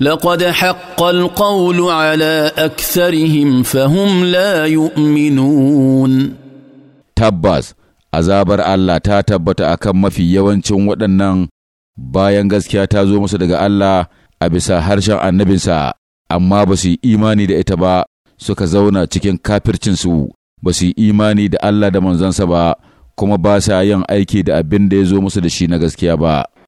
لقد حق القول على أكثرهم فهم لا يؤمنون تباز azabar Allah ta tabbata akan mafi yawancin waɗannan bayan gaskiya ta zo musu daga Allah a bisa harshen annabinsa amma ba su yi imani da ita ba suka zauna cikin kafircinsu ba su yi imani da Allah da manzansa ba kuma ba sa yin aiki da abin da ya zo musu da shi na gaskiya ba.